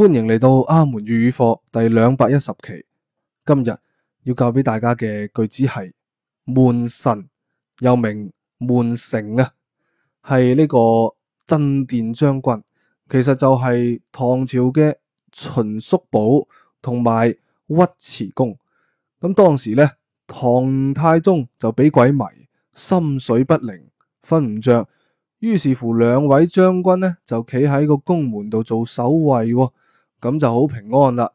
歡迎嚟到阿門粵語課第兩百一十期。今日要教俾大家嘅句子係「門神」又名門丞啊，係呢個鎮殿將軍，其實就係唐朝嘅秦叔寶同埋尉遲恭。咁當時咧，唐太宗就俾鬼迷，心緒不寧，瞓唔着，於是乎兩位將軍咧就企喺個宮門度做守衛。咁就好平安啦，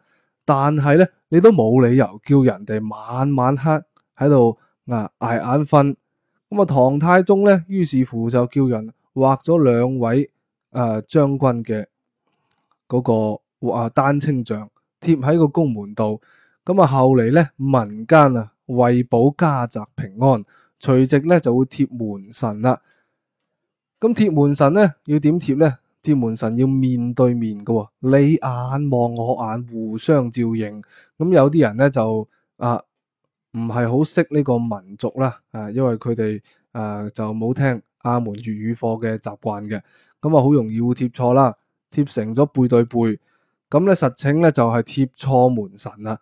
但係咧，你都冇理由叫人哋晚晚黑喺度啊捱眼瞓。咁、呃、啊、呃呃，唐太宗咧，於是乎就叫人畫咗兩位誒將、呃、軍嘅嗰、那個啊丹青像貼喺個宮門度。咁啊，嗯、後嚟咧，民間啊為保家宅平安，隨即咧就會貼門神啦。咁、嗯、貼門神咧要點貼咧？貼門神要面對面嘅喎、哦，你眼望我眼，互相照應。咁有啲人咧就啊，唔係好識呢個民族啦，啊、呃，因為佢哋誒就冇聽阿門粵語課嘅習慣嘅，咁啊好容易會貼錯啦，貼成咗背對背。咁咧實情咧就係貼錯門神啦。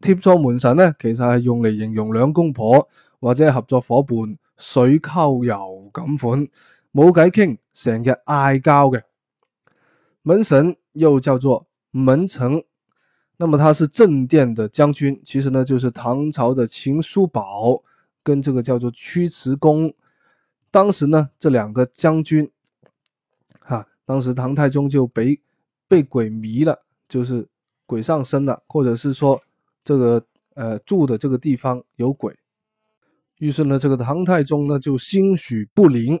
貼錯門神咧，其實係用嚟形容兩公婆或者係合作夥伴水溝油咁款。改 king 成個嗌交嘅。門神又叫做門丞，那麼他是鎮殿的將軍，其實呢就是唐朝的秦叔寶，跟這個叫做尉遲恭。當時呢這兩個將軍，哈，當時唐太宗就被被鬼迷了，就是鬼上身了，或者是說這個呃住的這個地方有鬼，於是呢這個唐太宗呢就心緒不寧。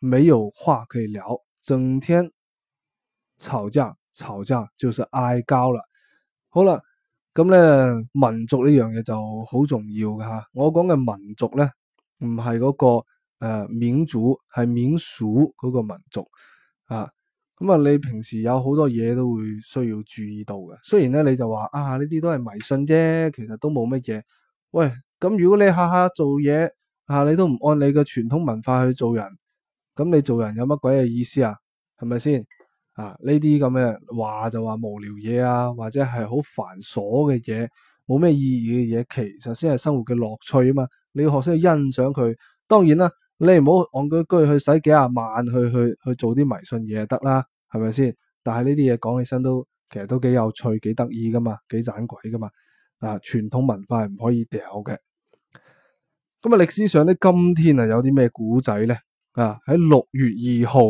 沒有話可以聊，整天吵架，吵架就是嗌交啦。好啦，咁、嗯、咧民，民族呢樣嘢就好重要噶吓。我講嘅民族咧，唔係嗰個誒緬族，係緬屬嗰個民族啊。咁、嗯、啊，你平時有好多嘢都會需要注意到嘅。雖然咧你就話啊呢啲都係迷信啫，其實都冇乜嘢。喂，咁、嗯、如果你下下做嘢啊，你都唔按你嘅傳統文化去做人。咁你做人有乜鬼嘅意思啊？係咪先？啊呢啲咁嘅話就話無聊嘢啊，或者係好繁瑣嘅嘢，冇咩意義嘅嘢，其實先係生活嘅樂趣啊嘛。你要學識去欣賞佢。當然啦，你唔好戇居居去使幾廿萬去去去做啲迷信嘢就得啦，係咪先？但係呢啲嘢講起身都其實都幾有趣、幾得意噶嘛，幾盞鬼噶嘛。啊，傳統文化係唔可以掉嘅。咁啊，歷史上咧，今天啊有啲咩古仔咧？啊！喺六月二號，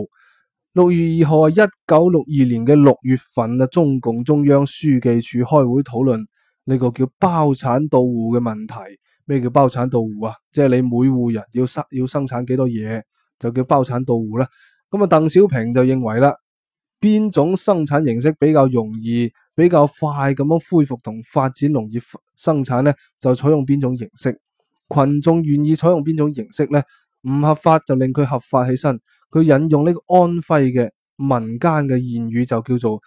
六月二號啊，一九六二年嘅六月份啊，中共中央書記處開會討論呢個叫包產到戶嘅問題。咩叫包產到戶啊？即係你每戶人要生要生產幾多嘢，就叫包產到戶啦。咁啊，鄧小平就認為啦，邊種生產形式比較容易、比較快咁樣恢復同發展農業生產呢，就採用邊種形式？群眾願意採用邊種形式呢？唔合法就令佢合法起身。佢引用呢個安徽嘅民間嘅諺語就叫做：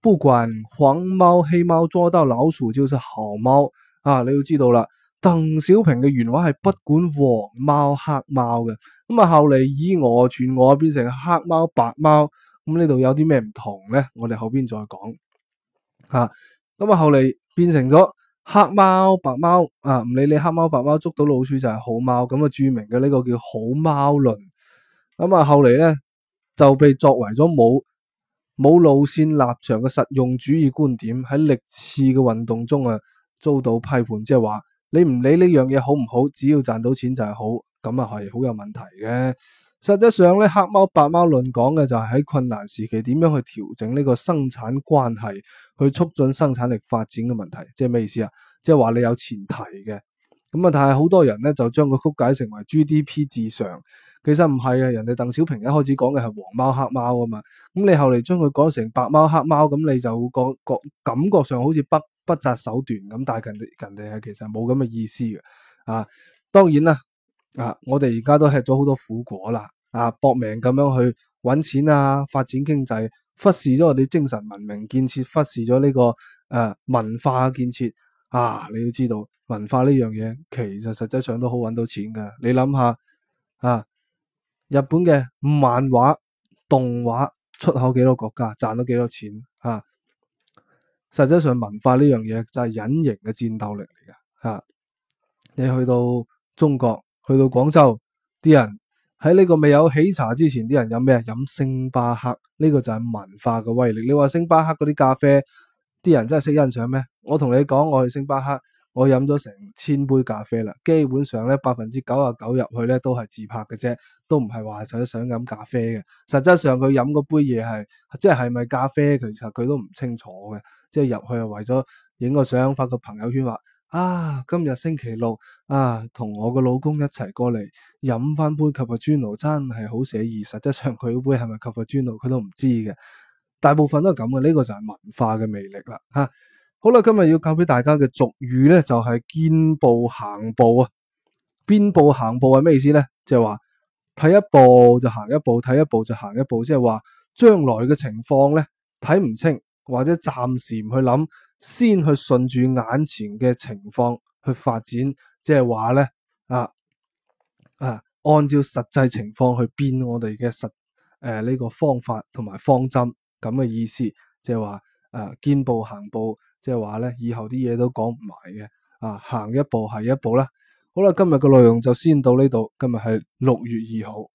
不管黃貓、黑貓捉到老鼠就係好貓。啊，你要知道啦，鄧小平嘅原話係不管黃貓、黑貓嘅。咁啊，後嚟以我傳我變成黑貓、白貓。咁呢度有啲咩唔同咧？我哋後邊再講。啊，咁啊，啊，後嚟變成咗。黑貓白貓啊，唔理你黑貓白貓，捉到老鼠就係好貓咁啊！著名嘅呢個叫好貓論咁啊，後嚟咧就被作為咗冇冇路線立場嘅實用主義觀點，喺歷次嘅運動中啊，遭到批判，即係話你唔理呢樣嘢好唔好，只要賺到錢就係好，咁啊係好有問題嘅。實質上咧，黑貓白貓論講嘅就係喺困難時期點樣去調整呢個生產關係，去促進生產力發展嘅問題，即係咩意思啊？即係話你有前提嘅，咁啊，但係好多人咧就將佢曲解成為 GDP 至上，其實唔係啊，人哋鄧小平一開始講嘅係黃貓黑貓啊嘛，咁你後嚟將佢講成白貓黑貓，咁你就覺覺感覺上好似不不擇手段咁，但係人哋人哋係其實冇咁嘅意思嘅啊，當然啦。啊！我哋而家都吃咗好多苦果啦，啊，搏命咁樣去搵錢啊，發展經濟，忽視咗我哋精神文明建設，忽視咗呢個誒、啊、文化建設啊！你要知道，文化呢樣嘢其實實質上都好搵到錢嘅。你諗下啊，日本嘅漫畫、動畫出口幾多國家，賺咗幾多錢啊？實質上文化呢樣嘢就係隱形嘅戰鬥力嚟嘅啊！你去到中國。去到廣州，啲人喺呢個未有喜茶之前，啲人飲咩啊？飲星巴克，呢個就係文化嘅威力。你話星巴克嗰啲咖啡，啲人真係識欣賞咩？我同你講，我去星巴克，我飲咗成千杯咖啡啦，基本上咧百分之九啊九入去咧都係自拍嘅啫，都唔係話就想飲咖啡嘅。實質上佢飲嗰杯嘢係，即係係咪咖啡？其實佢都唔清楚嘅，即係入去係為咗影個相，發個朋友圈話，啊，今日星期六啊，同我個老公一齊過嚟飲翻杯及物磚奴，真係好寫意。實際上佢杯係咪及物磚奴，佢都唔知嘅。大部分都係咁嘅，呢、這個就係文化嘅魅力啦。吓、啊，好啦，今日要教俾大家嘅俗語呢，就係、是、見步行步啊。見步行步係咩意思呢？即係話睇一步就行一步，睇一步就行一步，即係話將來嘅情況呢，睇唔清，或者暫時唔去諗。先去順住眼前嘅情況去發展，即係話咧啊啊，按照實際情況去變我哋嘅實誒呢、呃呢個方法同埋方針咁嘅意思，即係話誒見步行步，即係話咧以後啲嘢都講唔埋嘅啊，行一步係一步啦。好啦，今日嘅內容就先到呢度，今日係六月二號。